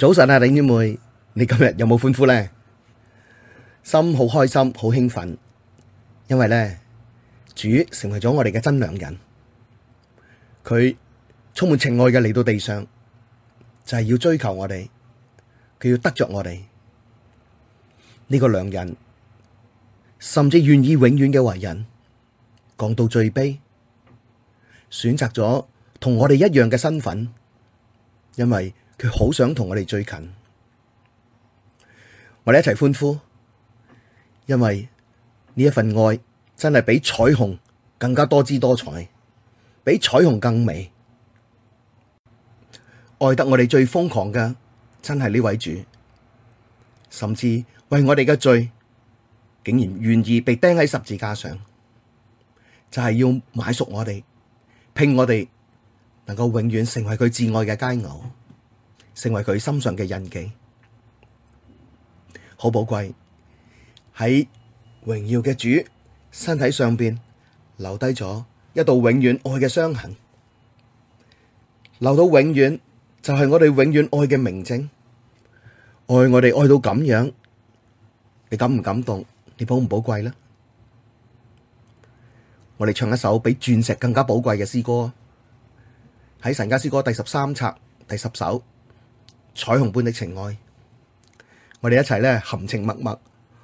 早晨啊，頂珠妹，你今日有冇歡呼呢？心好開心，好興奮，因為咧，主成為咗我哋嘅真良人，佢充滿情愛嘅嚟到地上，就係、是、要追求我哋，佢要得着我哋。呢、這個良人甚至願意永遠嘅為人，降到最卑，選擇咗同我哋一樣嘅身份，因為。佢好想同我哋最近，我哋一齊歡呼，因為呢一份愛真係比彩虹更加多姿多彩，比彩虹更美。愛得我哋最瘋狂嘅，真係呢位主，甚至為我哋嘅罪，竟然願意被釘喺十字架上，就係、是、要買贖我哋，聘我哋能夠永遠成為佢至愛嘅佳偶。成為佢心上嘅印記，好寶貴，喺榮耀嘅主身體上邊留低咗一道永遠愛嘅傷痕，留到永遠就係我哋永遠愛嘅明證，愛我哋愛到咁樣，你感唔感動？你寶唔寶貴呢？我哋唱一首比鑽石更加寶貴嘅詩歌，喺神家詩歌第十三冊第十首。彩虹般的情愛，我哋一齊咧含情脈脈，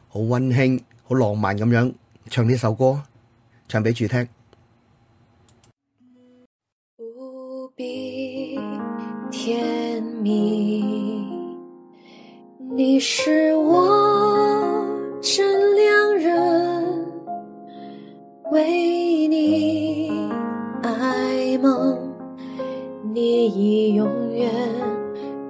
好溫馨、好浪漫咁樣唱呢首歌，唱俾主聽。無比甜蜜，你是我真良人，為你愛夢，你已永遠。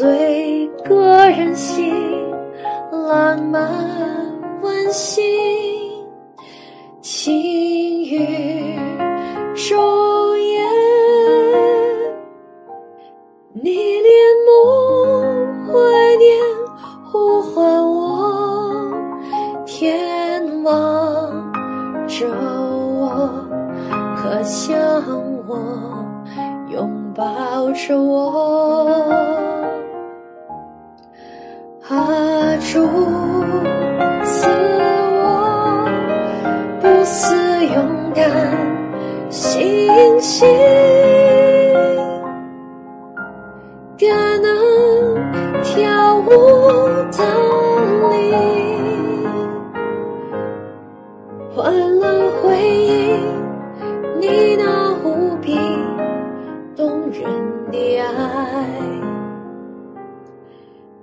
最個人性。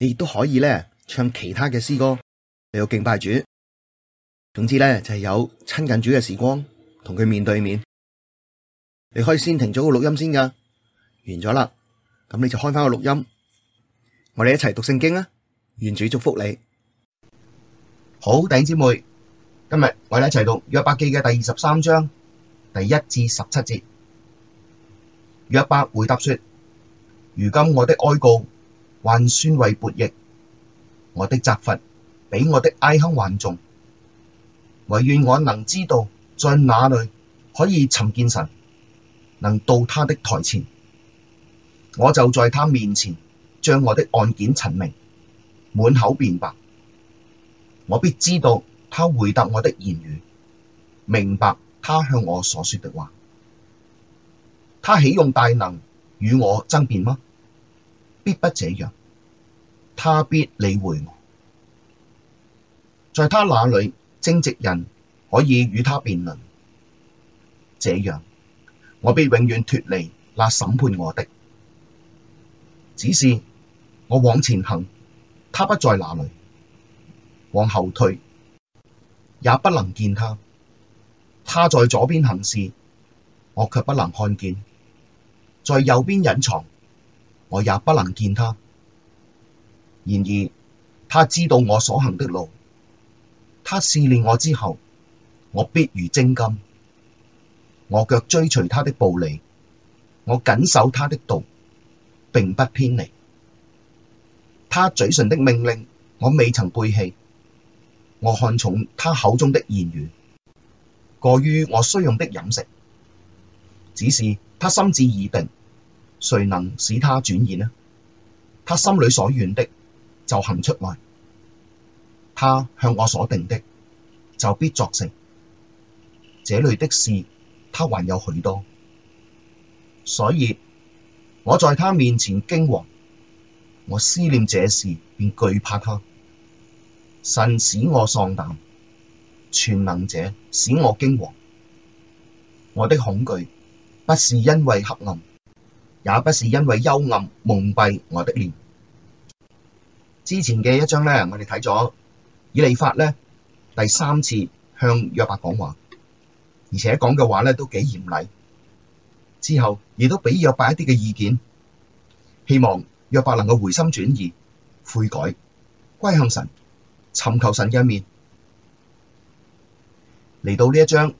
你亦都可以咧唱其他嘅詩歌，你要敬拜主，總之咧就係有親近主嘅時光，同佢面對面。你可以先停咗個錄音先噶，完咗啦，咁你就開翻個錄音，我哋一齊讀聖經啊！願主祝福你。好，弟兄姊妹，今日我哋一齊讀約伯記嘅第二十三章第一至十七節。約伯回答說：如今我的哀告。還算為悖逆，我的責罰比我的哀哼還重。惟願我能知道，在哪裡可以尋見神，能到他的臺前，我就在他面前將我的案件陳明，滿口辯白。我必知道他回答我的言語，明白他向我所說的話。他豈用大能與我爭辯嗎？必不這樣，他必理會我。在他那裡，正直人可以與他辯論。這樣，我必永遠脫離那審判我的。只是我往前行，他不在那裡；往後退，也不能見他。他在左邊行事，我卻不能看見；在右邊隱藏。我也不能見他。然而，他知道我所行的路，他試煉我之後，我必如精金。我腳追隨他的步履，我謹守他的道，並不偏離。他嘴唇的命令，我未曾背棄。我看重他口中的言語，過於我需用的飲食，只是他心志已定。誰能使他轉意呢？他心裡所願的，就行出來，他向我所定的，就必作成。這類的事他還有許多，所以我在他面前驚惶，我思念這事便懼怕他。神使我喪膽，全能者使我驚惶。我的恐懼不是因為黑暗。也不是因為幽暗蒙蔽我的臉。之前嘅一章呢，我哋睇咗以利法呢第三次向約伯講話，而且講嘅話呢都幾嚴厲。之後亦都俾約伯一啲嘅意見，希望約伯能夠回心轉意、悔改、歸向神、尋求神嘅一面。嚟到呢一章，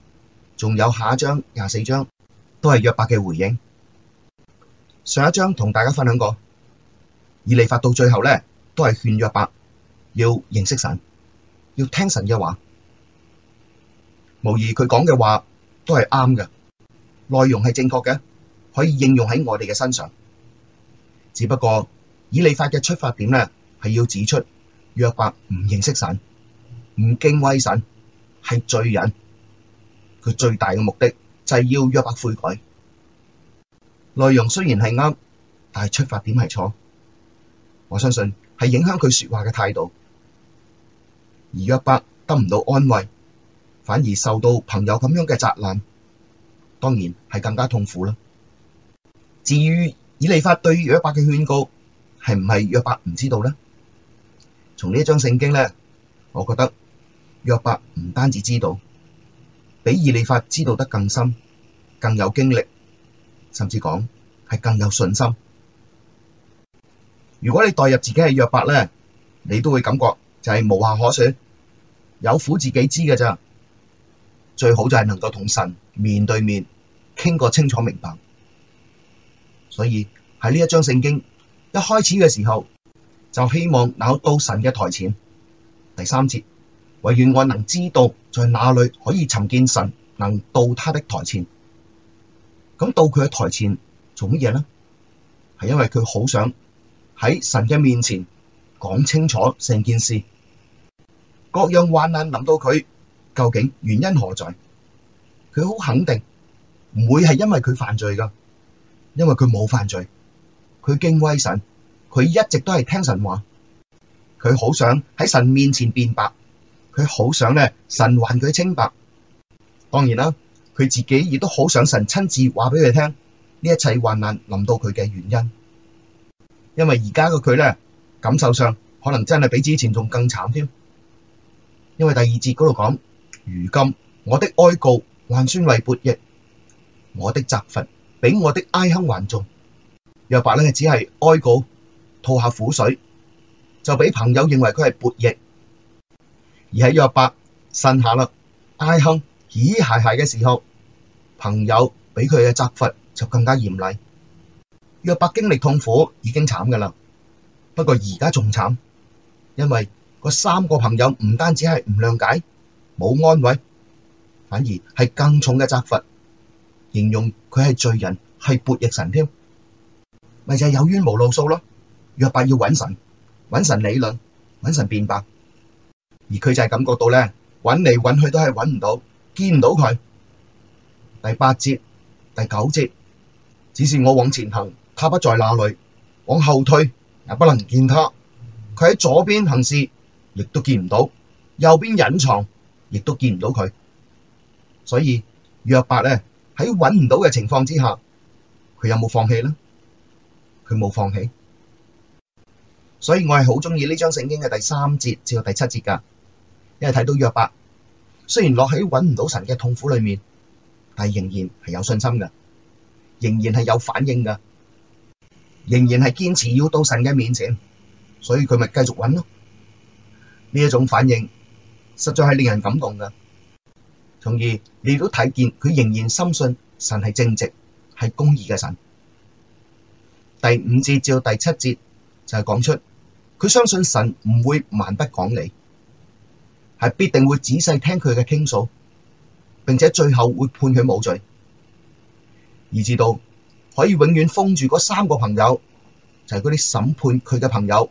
仲有下一章廿四章都係約伯嘅回應。上一章同大家分享過，以利法到最後咧，都係勸約伯要認識神，要聽神嘅話。無疑佢講嘅話都係啱嘅，內容係正確嘅，可以應用喺我哋嘅身上。只不過以利法嘅出發點咧，係要指出約伯唔認識神，唔敬畏神，係罪人。佢最大嘅目的就係、是、要約伯悔改。內容雖然係啱，但係出發點係錯。我相信係影響佢說話嘅態度。而約伯得唔到安慰，反而受到朋友咁樣嘅責難，當然係更加痛苦啦。至於以利法對於約伯嘅勸告係唔係約伯唔知道呢？從呢一章聖經呢，我覺得約伯唔單止知道，比以利法知道得更深，更有經歷。甚至講係更有信心。如果你代入自己係約伯呢，你都會感覺就係無話可說，有苦自己知嘅咋。最好就係能夠同神面對面傾個清楚明白。所以喺呢一章聖經一開始嘅時候，就希望扭到神嘅台前。第三節，惟願我能知道在哪裡可以尋見神，能到他的台前。咁到佢喺台前做乜嘢咧？係因為佢好想喺神嘅面前講清楚成件事，各樣患難諗到佢究竟原因何在，佢好肯定唔會係因為佢犯罪噶，因為佢冇犯罪，佢敬畏神，佢一直都係聽神話，佢好想喺神面前辯白，佢好想咧神還佢清白，當然啦。佢自己亦都好想神親自話俾佢聽呢一切患難臨到佢嘅原因，因為而家嘅佢咧，感受上可能真係比之前仲更慘添，因為第二節嗰度講：如今我的哀告還算為悖逆，我的責罰比我的唉哼還重。約伯咧只係哀告，吐下苦水，就俾朋友認為佢係悖逆，而喺約伯呻下啦哀哼咦鞋鞋嘅時候。朋友俾佢嘅責罰就更加嚴厲，約伯經歷痛苦已經慘噶啦，不過而家仲慘，因為嗰三個朋友唔單止係唔諒解，冇安慰，反而係更重嘅責罰，形容佢係罪人，係悖逆神添，咪就係有冤無路訴咯。約伯要揾神，揾神理論，揾神辯白，而佢就係感覺到咧，揾嚟揾去都係揾唔到，見唔到佢。第八節、第九節，只是我往前行，他不在那裡；往後退也不能見他。佢喺左邊行事，亦都見唔到；右邊隱藏，亦都見唔到佢。所以約伯咧喺搵唔到嘅情況之下，佢有冇放棄呢？佢冇放棄。所以我係好中意呢張聖經嘅第三節至到第七節噶，因為睇到約伯雖然落喺搵唔到神嘅痛苦裡面。但仍然係有信心噶，仍然係有反應噶，仍然係堅持要到神嘅面前，所以佢咪繼續揾咯。呢一種反應實在係令人感動噶，從而你都睇見佢仍然深信神係正直、係公義嘅神。第五節至到第七節就係講出佢相信神唔會蠻不講理，係必定會仔細聽佢嘅傾訴。並且最後會判佢冇罪，以致到可以永遠封住嗰三個朋友，就係嗰啲審判佢嘅朋友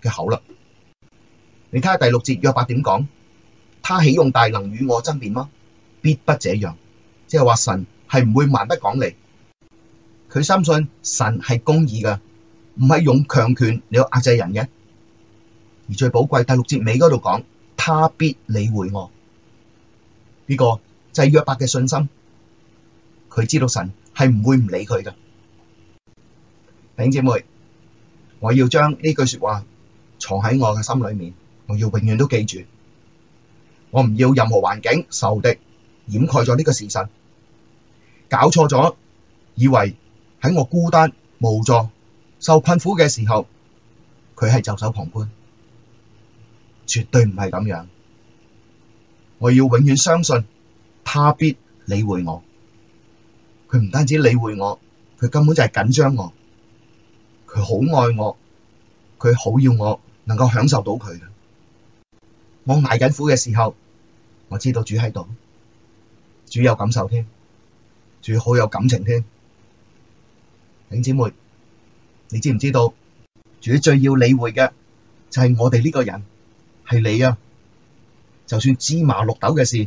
嘅口啦。你睇下第六節約伯點講，他豈用大能與我爭辯嗎？必不這樣，即係話神係唔會蠻不講理。佢深信神係公義噶，唔係用強權嚟壓制人嘅。而最寶貴第六節尾嗰度講，他必理會我。呢個。誓約伯嘅信心，佢知道神係唔會唔理佢噶。弟兄姊妹，我要將呢句說話藏喺我嘅心裏面，我要永遠都記住，我唔要任何環境受敵掩蓋咗呢個事實，搞錯咗以為喺我孤單無助、受困苦嘅時候，佢係袖手旁觀，絕對唔係咁樣。我要永遠相信。他必理會我，佢唔單止理會我，佢根本就係緊張我。佢好愛我，佢好要我能夠享受到佢嘅。我挨緊苦嘅時候，我知道主喺度，主有感受添，主好有感情添。弟兄姊妹，你知唔知道主最要理會嘅就係我哋呢個人，係你啊！就算芝麻綠豆嘅事。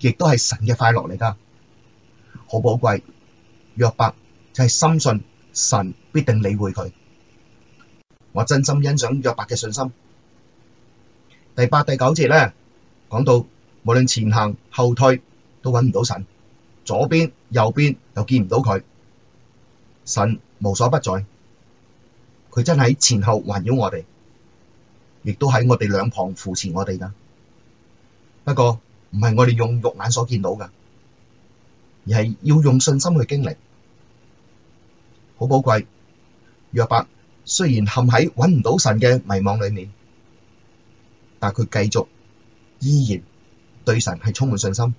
亦都係神嘅快樂嚟噶，好寶貴。約伯就係深信神必定理會佢，我真心欣賞約伯嘅信心。第八、第九節咧，講到無論前行後退都搵唔到神，左邊右邊又見唔到佢，神無所不在。佢真係喺前後環繞我哋，亦都喺我哋兩旁扶持我哋噶。不過，唔係我哋用肉眼所見到嘅，而係要用信心去經歷，好寶貴。約伯雖然陷喺搵唔到神嘅迷惘裏面，但佢繼續依然對神係充滿信心。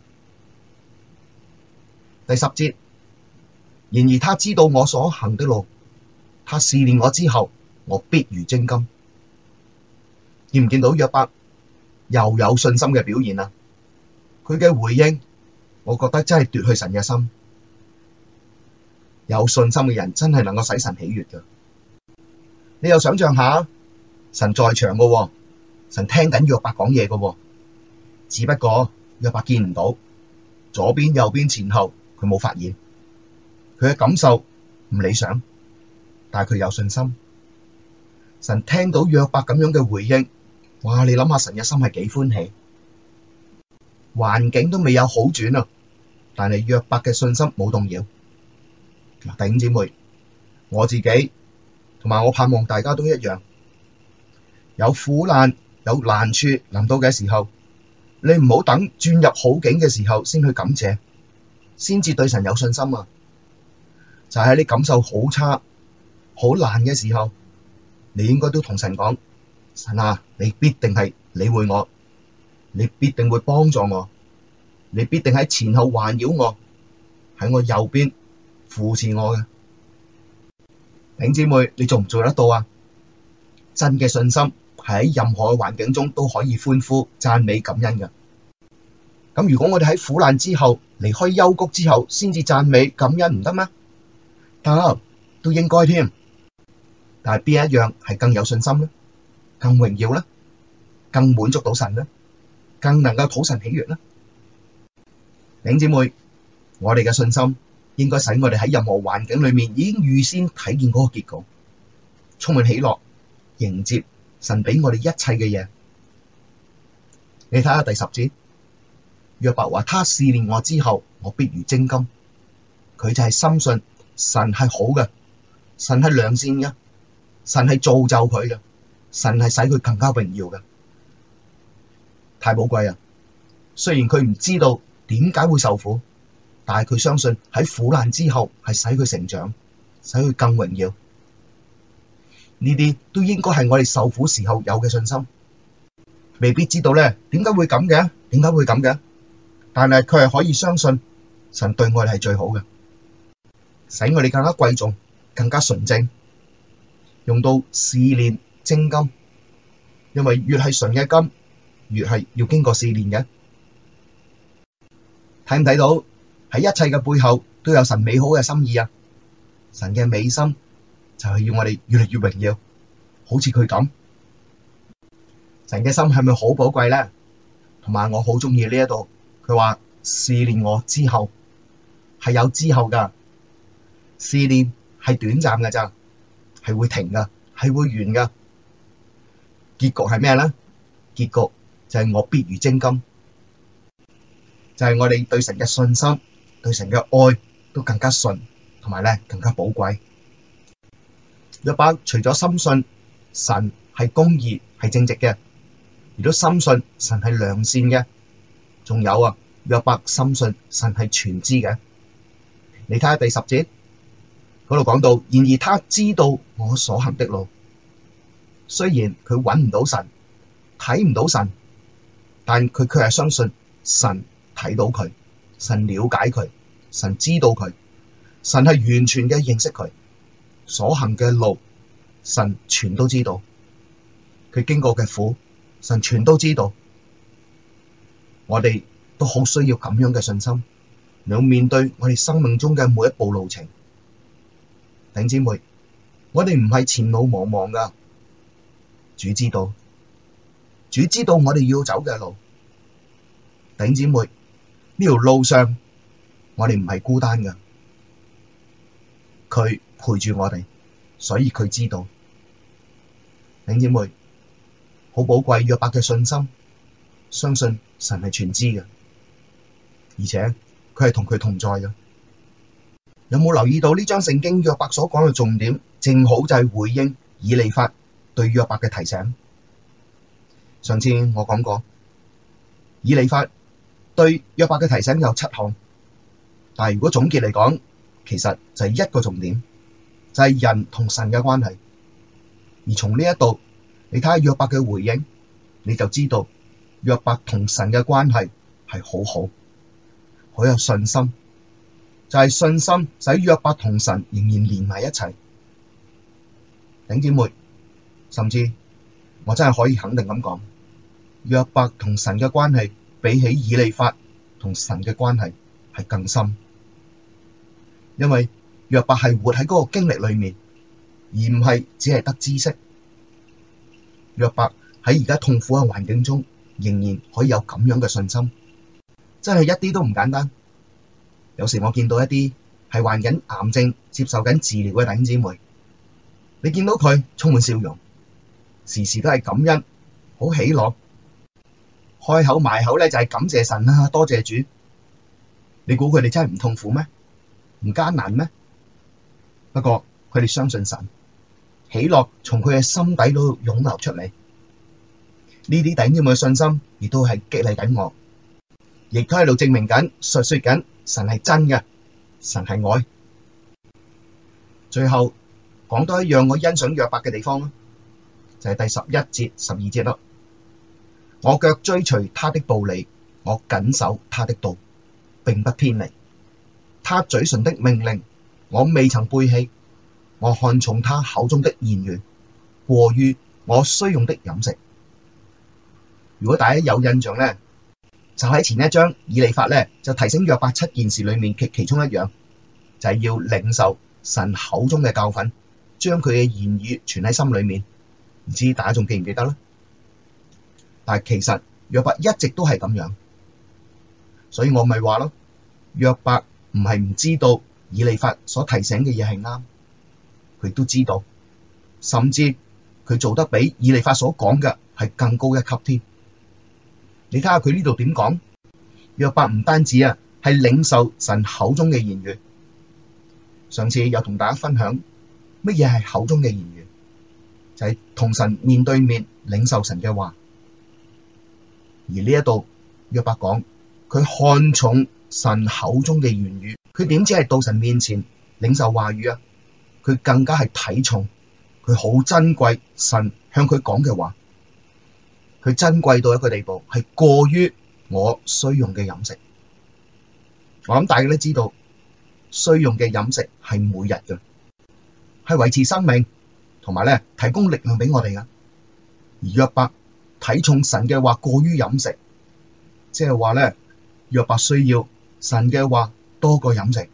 第十節，然而他知道我所行的路，他試煉我之後，我必如精金。見唔見到約伯又有信心嘅表現啊？佢嘅回應，我覺得真係奪去神嘅心。有信心嘅人真係能夠使神喜悅噶。你又想象下，神在場噶、哦，神聽緊約伯講嘢噶，只不過約伯見唔到，左邊右邊前後佢冇發現，佢嘅感受唔理想，但係佢有信心。神聽到約伯咁樣嘅回應，哇！你諗下神嘅心係幾歡喜。環境都未有好轉啊，但係約伯嘅信心冇動搖。嗱，第五姐妹，我自己同埋我盼望大家都一樣，有苦難有難處臨到嘅時候，你唔好等轉入好境嘅時候先去感謝，先至對神有信心啊！就喺、是、你感受好差、好難嘅時候，你應該都同神講：神啊，你必定係理會我。你必定會幫助我，你必定喺前後環繞我，喺我右邊扶持我嘅。弟兄姊妹，你做唔做得到啊？真嘅信心喺任何嘅環境中都可以歡呼、讚美、感恩嘅。咁如果我哋喺苦難之後、離開幽谷之後，先至讚美感恩，唔得咩？得都應該添。但係邊一樣係更有信心咧？更榮耀咧？更滿足到神咧？更能夠討神喜悦啦，弟兄姊妹，我哋嘅信心應該使我哋喺任何環境裏面已經預先睇見嗰個結果，充滿喜樂迎接神俾我哋一切嘅嘢。你睇下第十節，約伯話，他試煉我之後，我必如精金。佢就係深信神係好嘅，神係良善嘅，神係造就佢嘅，神係使佢更加榮耀嘅。太寶貴啊！雖然佢唔知道點解會受苦，但係佢相信喺苦難之後係使佢成長，使佢更榮耀。呢啲都應該係我哋受苦時候有嘅信心，未必知道咧點解會咁嘅，點解會咁嘅，但係佢係可以相信神對我哋係最好嘅，使我哋更加貴重，更加純正，用到試煉精金，因為越係純嘅金。越係要經過試煉嘅，睇唔睇到喺一切嘅背後都有神美好嘅心意啊！神嘅美心就係要我哋越嚟越榮耀，好似佢咁。神嘅心係咪好寶貴咧？同埋我好鍾意呢一度，佢話試煉我之後係有之後噶，試煉係短暫嘅咋，係會停噶，係會完噶，結局係咩咧？結局。就係我必如精金，就係我哋對神嘅信心、對神嘅愛都更加純，同埋咧更加寶貴。約伯除咗深信神係公義、係正直嘅，而都深信神係良善嘅，仲有啊，約伯深信神係全知嘅。你睇下第十節嗰度講到，然而他知道我所行的路。雖然佢搵唔到神睇唔到神。但佢卻係相信神睇到佢，神了解佢，神知道佢，神係完全嘅認識佢所行嘅路，神全都知道。佢經過嘅苦，神全都知道。我哋都好需要咁樣嘅信心，要面對我哋生命中嘅每一步路程。頂姊妹，我哋唔係前路茫茫噶，主知道。主知道我哋要走嘅路，頂姐妹，呢條路上我哋唔係孤單噶，佢陪住我哋，所以佢知道。頂姐妹，好寶貴約伯嘅信心，相信神係全知噶，而且佢係同佢同在噶。有冇留意到呢章聖經約伯所講嘅重點，正好就係回應以利法對約伯嘅提醒。上次我講過，以利法對約伯嘅提醒有七項，但係如果總結嚟講，其實就係一個重點，就係、是、人同神嘅關係。而從呢一度，你睇下約伯嘅回應，你就知道約伯同神嘅關係係好好，好有信心，就係、是、信心使約伯同神仍然連埋一齊。頂姐妹，甚至我真係可以肯定咁講。約伯同神嘅關係比起以利法同神嘅關係係更深，因為約伯係活喺嗰個經歷裏面，而唔係只係得知識。約伯喺而家痛苦嘅環境中，仍然可以有咁樣嘅信心，真係一啲都唔簡單。有時我見到一啲係患緊癌症、接受緊治療嘅弟兄姊妹，你見到佢充滿笑容，時時都係感恩，好喜樂。開口埋口咧，就係感謝神啦，多謝主。你估佢哋真係唔痛苦咩？唔艱難咩？不過佢哋相信神，喜樂從佢嘅心底度湧流出嚟。呢啲頂尖嘅信心，亦都係激勵緊我，亦都喺度證明緊、述說緊神係真嘅，神係愛。最後講多一樣我欣賞約伯嘅地方啦，就係第十一節、十二節咯。我腳追隨他的步履，我謹守他的道，並不偏離。他嘴唇的命令，我未曾背棄。我看重他口中的言語，過於我需用的飲食。如果大家有印象呢，就喺前一章以利法呢，就提醒約伯七件事裏面其其中一樣，就係、是、要領受神口中嘅教訓，將佢嘅言語存喺心裏面。唔知大家仲記唔記得呢？但其實約伯一直都係咁樣，所以我咪話咯，約伯唔係唔知道以利法所提醒嘅嘢係啱，佢都知道，甚至佢做得比以利法所講嘅係更高一級添。你睇下佢呢度點講，約伯唔單止啊，係領受神口中嘅言語。上次有同大家分享乜嘢係口中嘅言語，就係同神面對面領受神嘅話。而呢一度約伯講，佢看重神口中嘅言語，佢點知係到神面前領受話語啊？佢更加係睇重，佢好珍貴神向佢講嘅話，佢珍貴到一個地步，係過於我需用嘅飲食。我諗大家都知道，需用嘅飲食係每日嘅，係維持生命同埋呢提供力量畀我哋㗎，而約伯。睇重神嘅話過於飲食，即係話咧，約伯需要神嘅話多過飲食，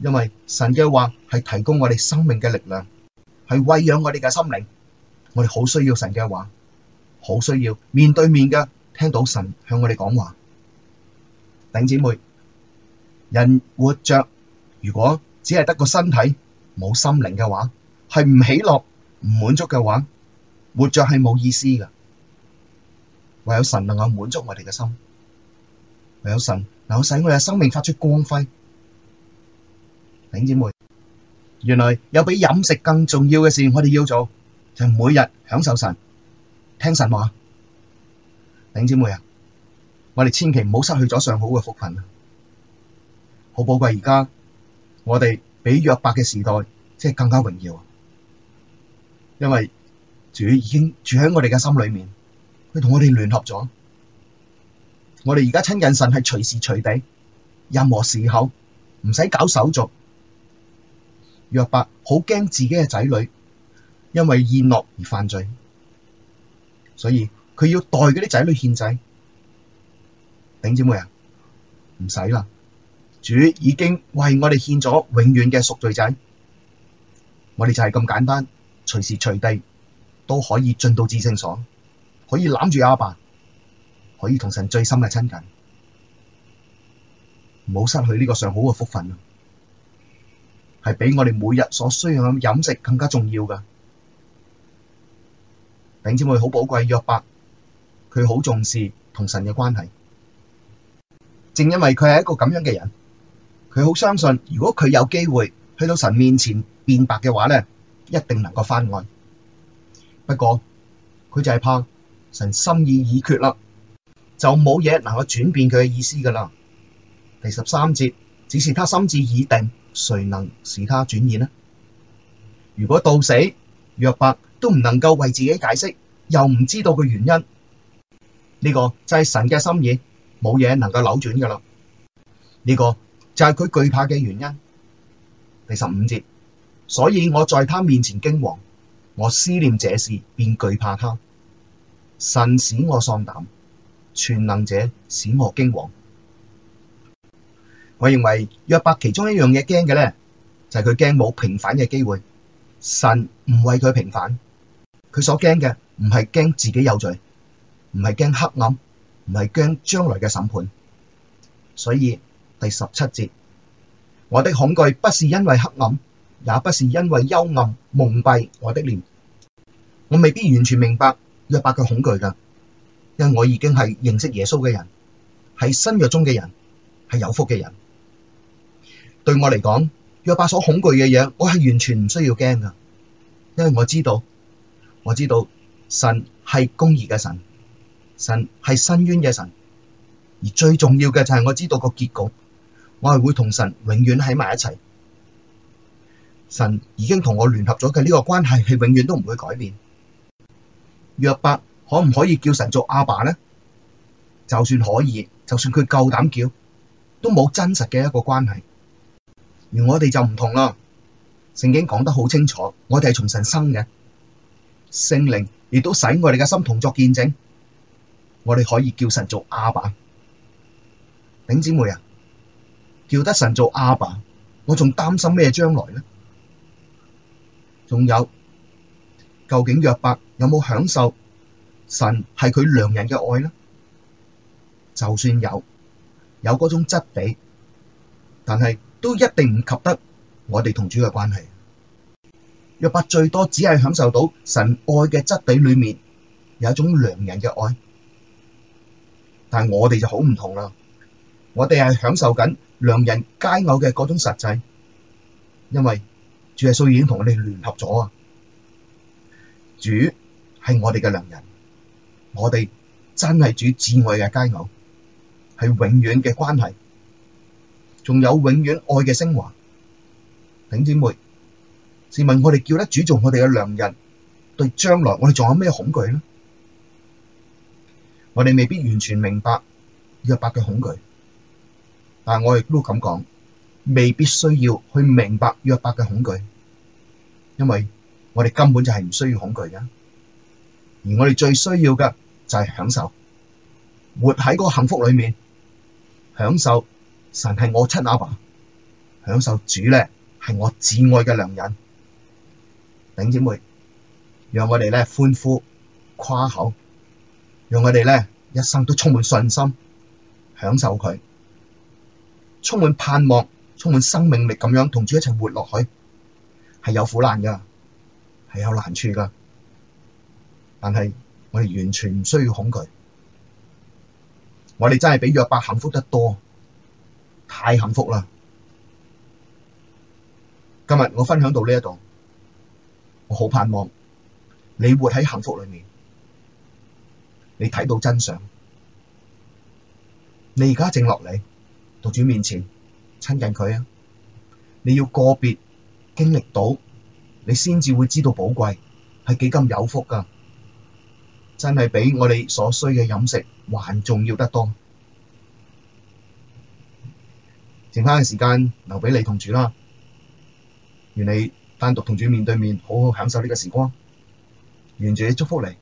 因為神嘅話係提供我哋生命嘅力量，係餵養我哋嘅心靈。我哋好需要神嘅話，好需要面對面嘅聽到神向我哋講話。弟兄姊妹，人活着如果只係得個身體冇心靈嘅話，係唔喜樂唔滿足嘅話，活着係冇意思噶。唯有神能夠滿足我哋嘅心，唯有神能夠使我哋嘅生命發出光輝。頂姐妹，原來有比飲食更重要嘅事，我哋要做就係每日享受神，聽神話。頂姐妹啊，我哋千祈唔好失去咗上好嘅福分啊！好寶貴，而家我哋比約伯嘅時代即係更加榮耀，因為主已經住喺我哋嘅心裏面。佢同我哋聯合咗，我哋而家親近神係隨時隨地，任何時候唔使搞手續。約伯好驚自己嘅仔女因為宴樂而犯罪，所以佢要代嗰啲仔女獻祭。頂姐妹啊，唔使啦，主已經為我哋獻咗永遠嘅贖罪祭。我哋就係咁簡單，隨時隨地都可以進到至聖所。可以攬住阿爸，可以同神最深嘅親近，唔好失去呢個上好嘅福分咯。係比我哋每日所需要嘅飲食更加重要噶，並且佢好寶貴。約伯佢好重視同神嘅關係，正因為佢係一個咁樣嘅人，佢好相信，如果佢有機會去到神面前辯白嘅話咧，一定能夠翻案。不過佢就係怕。神心意已決啦，就冇嘢能夠轉變佢嘅意思噶啦。第十三節，只是他心志已定，誰能使他轉意呢？如果到死，約伯都唔能夠為自己解釋，又唔知道佢原因，呢、這個就係神嘅心意，冇嘢能夠扭轉噶啦。呢、這個就係佢懼怕嘅原因。第十五節，所以我在他面前驚惶，我思念這事便懼怕他。神使我喪膽，全能者使我驚惶。我認為約伯其中一樣嘢驚嘅咧，就係佢驚冇平反嘅機會，神唔為佢平反，佢所驚嘅唔係驚自己有罪，唔係驚黑暗，唔係驚將來嘅審判。所以第十七節，我的恐懼不是因為黑暗，也不是因為幽暗蒙蔽我的臉，我未必完全明白。約伯嘅恐懼噶，因為我已經係認識耶穌嘅人，係新約中嘅人，係有福嘅人。對我嚟講，約伯所恐懼嘅嘢，我係完全唔需要驚噶，因為我知道，我知道神係公義嘅神，神係申冤嘅神，而最重要嘅就係我知道個結局，我係會同神永遠喺埋一齊。神已經同我聯合咗嘅呢個關係，係永遠都唔會改變。約伯可唔可以叫神做阿爸呢？就算可以，就算佢夠膽叫，都冇真實嘅一個關係。而我哋就唔同啦。聖經講得好清楚，我哋係從神生嘅，聖靈亦都使我哋嘅心同作見證，我哋可以叫神做阿爸。頂姊妹啊，叫得神做阿爸，我仲擔心咩將來呢？仲有究竟約伯？有冇享受神係佢良人嘅愛咧？就算有，有嗰種質地，但係都一定唔及得我哋同主嘅關係。約伯最多只係享受到神愛嘅質地裏面有一種良人嘅愛，但係我哋就好唔同啦。我哋係享受緊良人佳偶嘅嗰種實際，因為主耶穌已經同我哋聯合咗啊！主係我哋嘅良人，我哋真係主至愛嘅佳偶，係永遠嘅關係，仲有永遠愛嘅升華。弟兄姊妹，試問我哋叫得主做我哋嘅良人，對將來我哋仲有咩恐懼呢？我哋未必完全明白約伯嘅恐懼，但係我亦都咁講，未必需要去明白約伯嘅恐懼，因為我哋根本就係唔需要恐懼㗎。而我哋最需要嘅就係享受，活喺嗰個幸福裏面，享受神係我親阿爸，享受主咧係我至愛嘅良人，頂姊妹，讓我哋咧歡呼誇口，讓我哋咧一生都充滿信心，享受佢，充滿盼望，充滿生命力咁樣同主一齊活落去，係有苦難噶，係有難處噶。但係我哋完全唔需要恐懼，我哋真係比約伯幸福得多，太幸福啦！今日我分享到呢一度，我好盼望你活喺幸福裏面，你睇到真相，你而家靜落嚟，到主面前親近佢啊！你要個別經歷到，你先至會知道寶貴係幾咁有福噶。真係比我哋所需嘅飲食還重要得多。剩翻嘅時間留畀你同主啦，願你單獨同主面對面，好好享受呢個時光。願主祝福你。